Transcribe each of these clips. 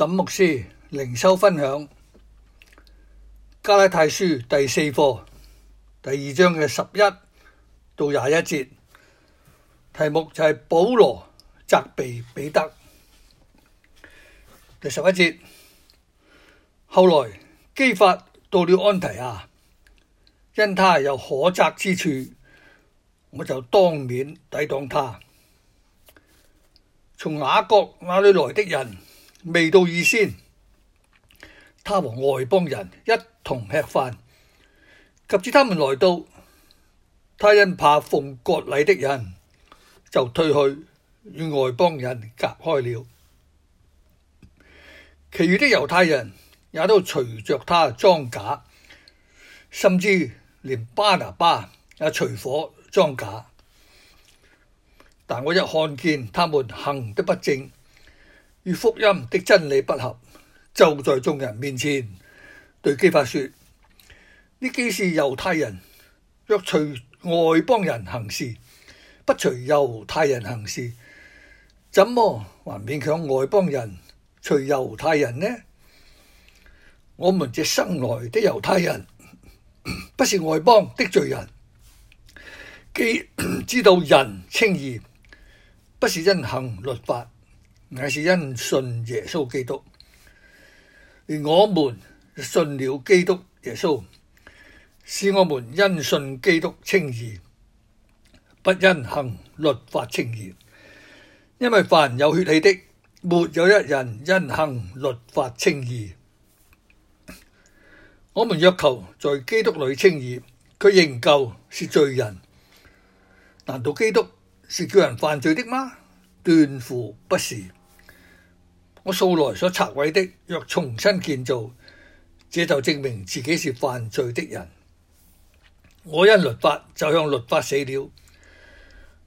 沈牧師靈修分享《加拉太書》第四課，第二章嘅十一到廿一節，題目就係保羅責備彼得。第十一節，後來基法到了安提亞，因他有可責之處，我就當面抵擋他。從雅各那裡來的人。未到以先，他和外邦人一同吃飯。及至他們來到，他因怕奉割禮的人，就退去與外邦人隔開了。其餘的猶太人也都隨着他裝假，甚至連巴拿巴也隨夥裝假。但我一看見他們行得不正。與福音的真理不合，就在眾人面前對磯法說：你既是猶太人，若隨外邦人行事，不隨猶太人行事，怎麼還勉強外邦人隨猶太人呢？我們這生來的猶太人，不是外邦的罪人。既知道人稱義，不是因行律法。乃是因信耶穌基督，而我們信了基督耶穌，使我們因信基督稱義，不因行律法稱義。因為凡有血氣的，沒有一人因行律法稱義。我們若求在基督裏稱義，佢仍舊是罪人。難道基督是叫人犯罪的嗎？斷乎不是。我素來所拆毀的，若重新建造，這就證明自己是犯罪的人。我因律法就向律法死了，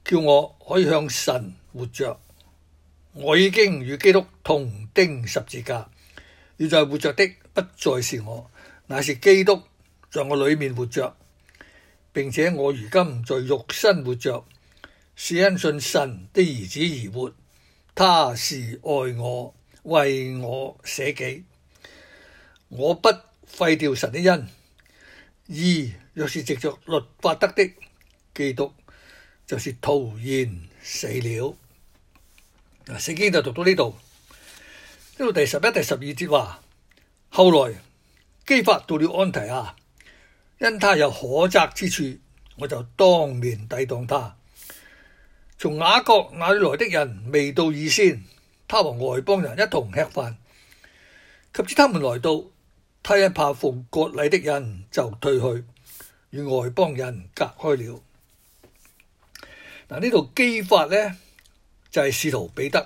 叫我可以向神活着。我已經與基督同釘十字架，現在活着的不再是我，乃是基督在我裏面活着，並且我如今在肉身活着，是因信神的兒子而活，他是愛我，為我捨己，我不廢掉神的恩。義若是藉着律法得的，基督就是徒然死了。啊，聖經就讀到呢度，呢度第十一、第十二節話，後來磯法到了安提阿、啊，因他有可責之處，我就當面抵擋他。從雅各那裏來，來的人未到以先。他和外邦人一同吃飯，及至他們來到，他因怕奉割禮的人就退去，與外邦人隔開了。嗱、啊，呢度基法呢，就係使徒彼得，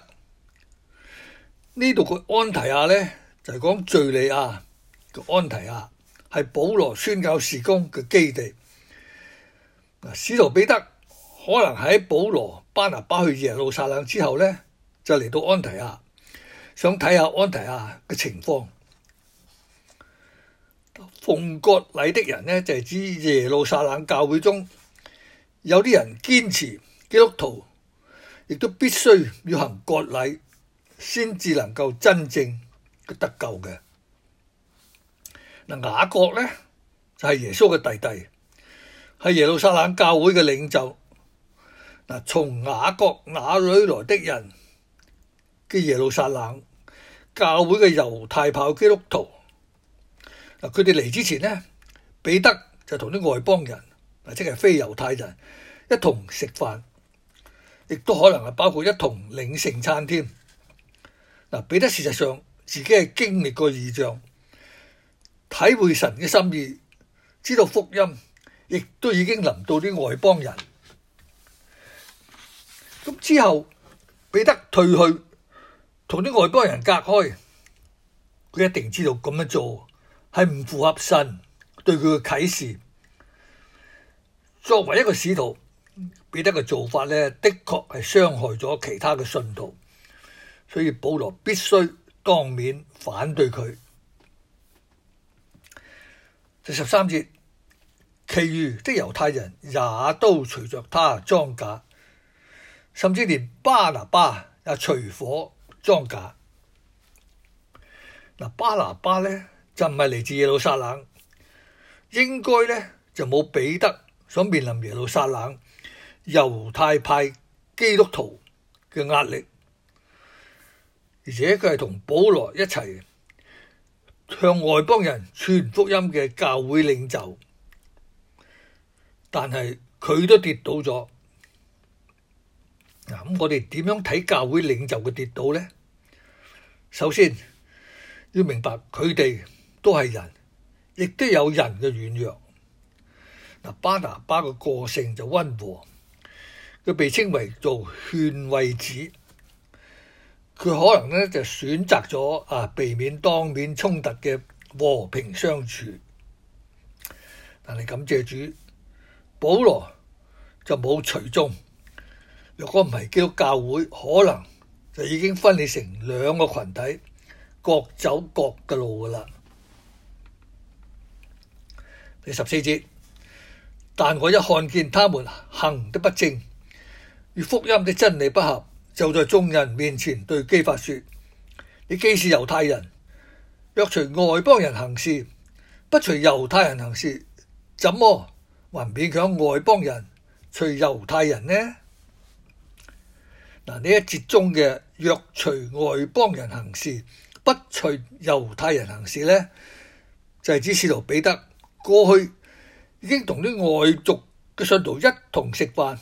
呢度個安提亞呢，就係講敘利亞個安提亞係保羅宣教事工嘅基地。嗱、啊，使徒彼得可能喺保羅、巴拿巴去耶路撒冷之後呢。就嚟到安提亞，想睇下安提亞嘅情況。奉割禮的人呢，就係指耶路撒冷教會中有啲人堅持基督徒，亦都必須要行割禮，先至能夠真正得救嘅。嗱，雅各呢，就係耶穌嘅弟弟，係耶路撒冷教會嘅領袖。嗱，從雅各雅裡來的人，嘅耶路撒冷教會嘅猶太派基督徒嗱，佢哋嚟之前呢，彼得就同啲外邦人，嗱，即係非猶太人一同食飯，亦都可能係包括一同領聖餐添嗱。彼得事實上自己係經歷過異象，體會神嘅心意，知道福音，亦都已經臨到啲外邦人。咁之後，彼得退去。同啲外邦人隔開，佢一定知道咁樣做係唔符合神對佢嘅啟示。作為一個使徒，彼得嘅做法呢，的確係傷害咗其他嘅信徒，所以保羅必須當面反對佢。第十三節，其餘的猶太人也都隨着他裝假，甚至連巴拿巴也隨火。裝假嗱，巴拿巴呢，就唔係嚟自耶路撒冷，應該呢，就冇彼得所面臨耶路撒冷猶太派基督徒嘅壓力，而且佢係同保羅一齊向外邦人傳福音嘅教會領袖，但係佢都跌倒咗。嗱，咁我哋點樣睇教會領袖嘅跌倒呢？首先要明白佢哋都係人，亦都有人嘅軟弱。嗱，巴拿巴嘅個性就溫和，佢被稱為做勸慰子，佢可能呢就選擇咗啊避免當面衝突嘅和平相處。但係感謝主，保羅就冇隨眾。若果唔係叫教會，可能。就已經分裂成兩個群體，各走各嘅路噶啦。第十四節，但我一看見他們行的不正，與福音的真理不合，就在眾人面前對基法說：你既是猶太人，若隨外邦人行事，不隨猶太人行事，怎麼還勉強外邦人隨猶太人呢？嗱，呢一節中嘅。若隨外邦人行事，不隨猶太人行事呢就係、是、指使徒彼得過去已經同啲外族嘅信徒一同食飯，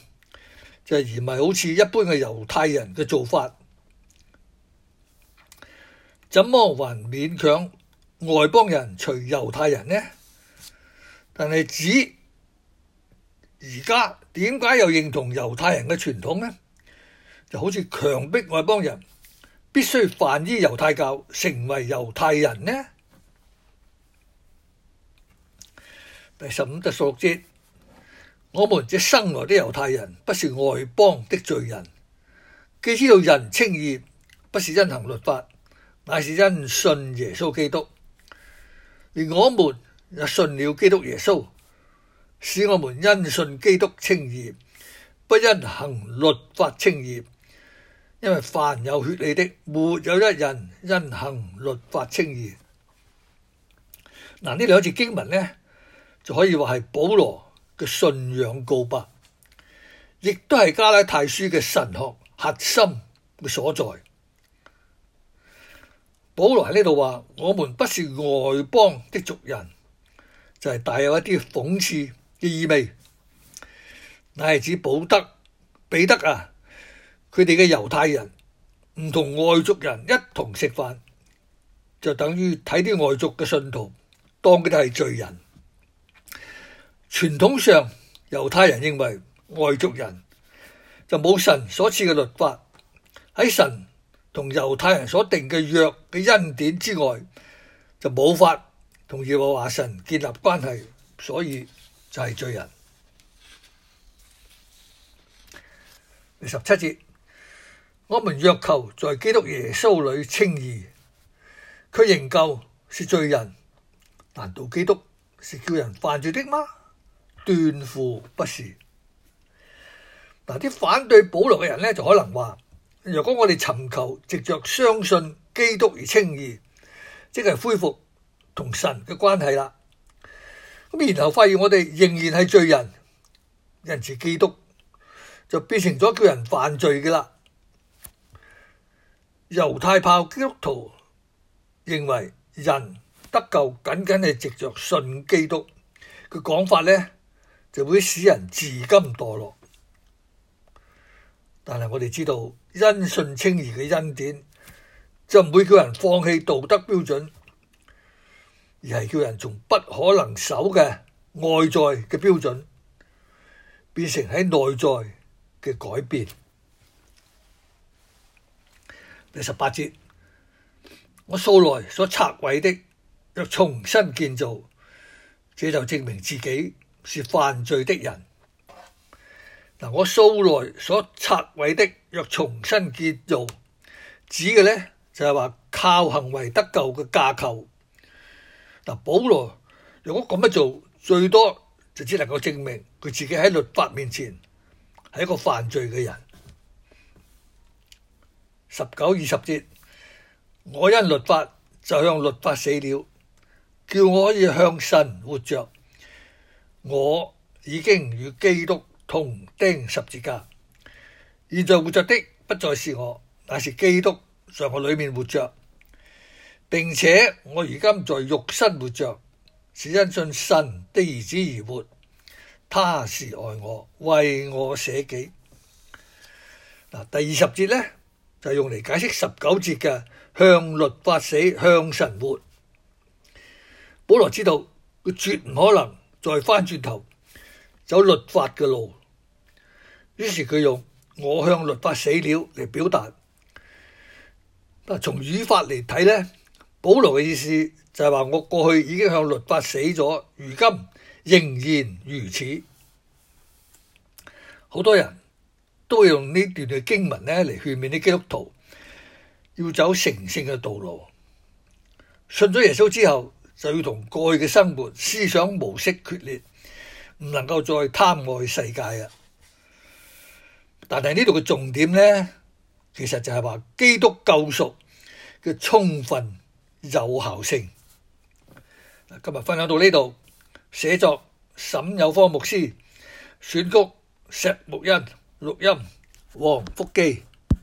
就是、而唔係好似一般嘅猶太人嘅做法。怎麼還勉強外邦人隨猶太人呢？但係指而家點解又認同猶太人嘅傳統呢？就好似強迫外邦人必須犯依猶太教，成為猶太人呢？第十五至十六節，我們這生來的猶太人不是外邦的罪人，既知道人稱義不是因行律法，乃是因信耶穌基督。而我們也信了基督耶穌，使我們因信基督稱義，不因行律法稱義。因為凡有血氣的，沒有一人因行律法稱義。嗱，呢兩句經文呢，就可以話係保羅嘅信仰告白，亦都係加拉太書嘅神學核心嘅所在。保羅喺呢度話：我們不是外邦的族人，就係、是、帶有一啲諷刺嘅意味，乃係指保德、彼得啊。佢哋嘅猶太人唔同外族人一同食飯，就等於睇啲外族嘅信徒當佢哋係罪人。傳統上，猶太人認為外族人就冇神所賜嘅律法，喺神同猶太人所定嘅約嘅恩典之外，就冇法同耶和華神建立關係，所以就係罪人。第十七節。我們若求在基督耶穌裏稱義，佢仍舊是罪人。難道基督是叫人犯罪的嗎？斷乎不是。嗱，啲反對保羅嘅人咧，就可能話：若果我哋尋求藉着相信基督而稱義，即係恢復同神嘅關係啦。咁然後發現我哋仍然係罪人，因此基督就變成咗叫人犯罪嘅啦。猶太教基督徒認為人得救僅僅係藉着信基督，嘅講法呢就會使人自甘墮落。但係我哋知道，因信稱義嘅恩典就唔會叫人放棄道德標準，而係叫人從不可能守嘅外在嘅標準變成喺內在嘅改變。第十八節，我素來所拆毀的，若重新建造，這就證明自己是犯罪的人。嗱，我素來所拆毀的若重新建造，指嘅呢就係話靠行為得救嘅架構。嗱，保羅如果咁樣做，最多就只能夠證明佢自己喺律法面前係一個犯罪嘅人。十九二十節，我因律法就向律法死了，叫我可以向神活着。我已經與基督同釘十字架，現在活着的不再是我，乃是基督在我裏面活着。並且我而今在肉身活着，是因信神的兒子而活，他是愛我，為我捨己。嗱，第二十節呢？就用嚟解釋十九節嘅向律法死向神活。保羅知道佢絕唔可能再返轉頭走律法嘅路，於是佢用我向律法死了嚟表達。嗱，從語法嚟睇呢，保羅嘅意思就係話我過去已經向律法死咗，如今仍然如此。好多人。都用呢段嘅經文咧嚟勸勉啲基督徒要走成聖嘅道路，信咗耶穌之後就要同過去嘅生活、思想模式決裂，唔能夠再貪愛世界啊！但係呢度嘅重點咧，其實就係話基督救贖嘅充分有效性。今日分享到呢度，寫作沈有科牧師，選曲石木恩。錄音，王福記。